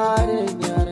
yaran yara